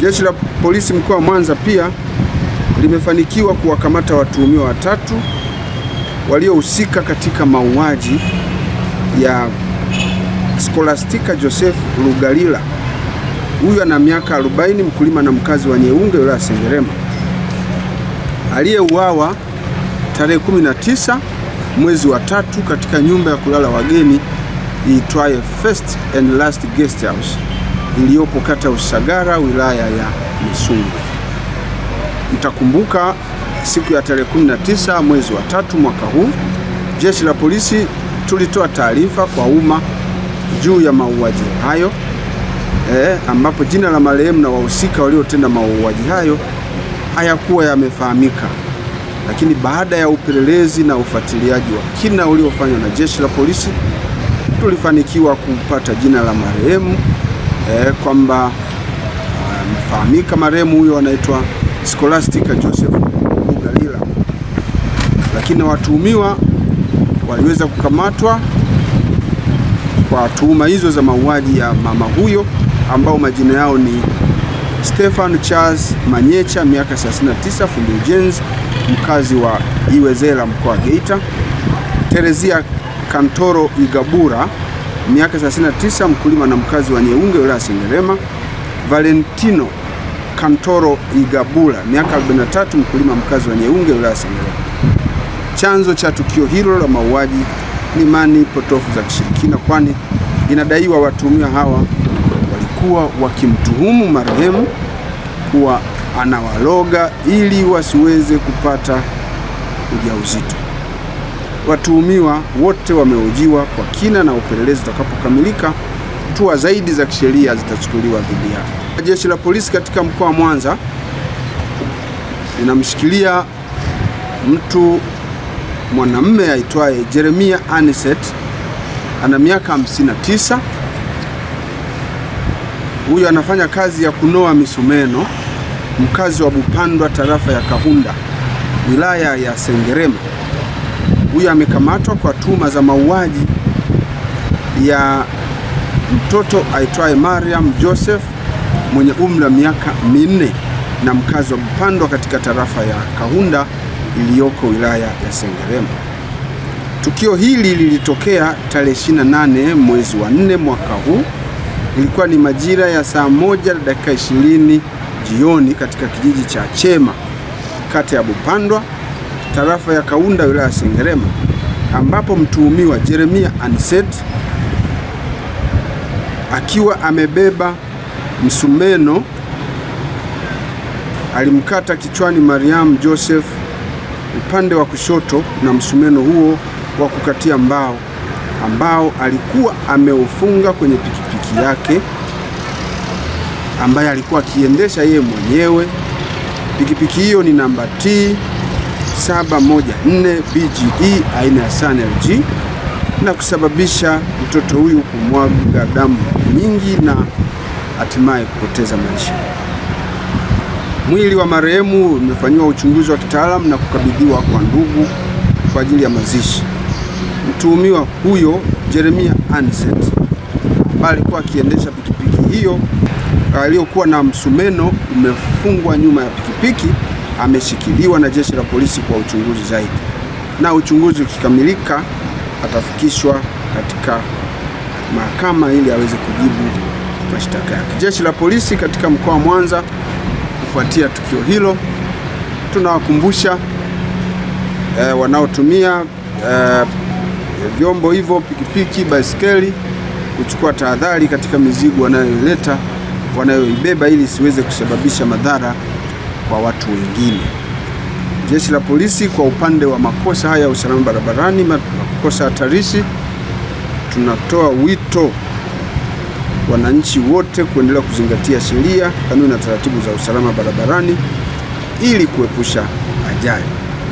Jeshi la Polisi mkoa wa Mwanza pia limefanikiwa kuwakamata watuhumiwa watatu waliohusika katika mauaji ya Scholastica Joseph Lugalila. Huyu ana miaka 40, mkulima na mkazi wa Nyeunge, wilaya ya Sengerema, aliyeuawa tarehe 19 mwezi wa tatu katika nyumba ya kulala wageni iitwaye First and Last Guest House iliyopo kata Usagara wilaya ya Misungwi. Mtakumbuka siku ya tarehe 19 mwezi wa tatu mwaka huu, jeshi la polisi tulitoa taarifa kwa umma juu ya mauaji hayo eh, ambapo jina la marehemu na wahusika waliotenda mauaji hayo hayakuwa yamefahamika, lakini baada ya upelelezi na ufuatiliaji wa kina uliofanywa na jeshi la polisi tulifanikiwa kupata jina la marehemu eh, kwamba amefahamika eh, marehemu huyo anaitwa Scholastica Joseph Mugalila, lakini watuhumiwa waliweza kukamatwa kwa tuhuma hizo za mauaji ya mama huyo ambao majina yao ni Stefan Charles Manyecha, miaka 39, fundi ujenzi, mkazi wa Iwezela, mkoa wa Geita; Terezia Kantoro Igabura miaka 39, mkulima na mkazi wa Nyeunge wilaya Sengerema. Valentino Kantoro Igabula miaka 43, mkulima mkazi wa Nyeunge wilaya Sengerema. Chanzo cha tukio hilo la mauaji ni imani potofu za kishirikina, kwani inadaiwa watuhumiwa hawa walikuwa wakimtuhumu marehemu kuwa anawaloga ili wasiweze kupata ujauzito. Watuhumiwa wote wamehojiwa kwa kina na upelelezi utakapokamilika, hatua zaidi za kisheria zitachukuliwa dhidi yao. Jeshi la polisi katika mkoa wa Mwanza linamshikilia mtu mwanamume aitwaye Jeremia Aniset, ana miaka 59. Huyu anafanya kazi ya kunoa misumeno, mkazi wa Bupandwa, tarafa ya Kahunda, wilaya ya Sengerema huyo amekamatwa kwa tuma za mauaji ya mtoto aitwaye Mariam Joseph mwenye umri wa miaka minne na mkazi wa Bupandwa katika tarafa ya Kahunda iliyoko wilaya ya Sengerema. Tukio hili lilitokea tarehe 28 mwezi wa 4 mwaka huu. Ilikuwa ni majira ya saa moja na dakika 20 jioni katika kijiji cha Chema kata ya Bupandwa tarafa ya Kaunda wilaya ya Sengerema ambapo mtuhumiwa Jeremia Anset akiwa amebeba msumeno alimkata kichwani Mariam Joseph upande wa kushoto na msumeno huo wa kukatia mbao ambao alikuwa ameufunga kwenye pikipiki yake ambaye alikuwa akiendesha yeye mwenyewe. Pikipiki hiyo ni namba T 714 BGE aina ya SANLG na kusababisha mtoto huyu kumwaga damu nyingi na hatimaye kupoteza maisha. Mwili wa marehemu umefanyiwa uchunguzi wa kitaalamu na kukabidhiwa kwa ndugu kwa ajili ya mazishi. Mtuhumiwa huyo Jeremia Anset ambaye alikuwa akiendesha pikipiki hiyo aliyokuwa na msumeno umefungwa nyuma ya pikipiki ameshikiliwa na jeshi la polisi kwa uchunguzi zaidi, na uchunguzi ukikamilika atafikishwa katika mahakama ili aweze kujibu mashtaka yake. Jeshi la polisi katika mkoa wa Mwanza, kufuatia tukio hilo, tunawakumbusha e, wanaotumia e, vyombo hivyo pikipiki, baiskeli kuchukua tahadhari katika mizigo wanayoileta wanayoibeba ili siweze kusababisha madhara kwa watu wengine. Jeshi la polisi kwa upande wa makosa haya ya usalama barabarani, makosa hatarishi, tunatoa wito wananchi wote kuendelea kuzingatia sheria, kanuni na taratibu za usalama barabarani ili kuepusha ajali.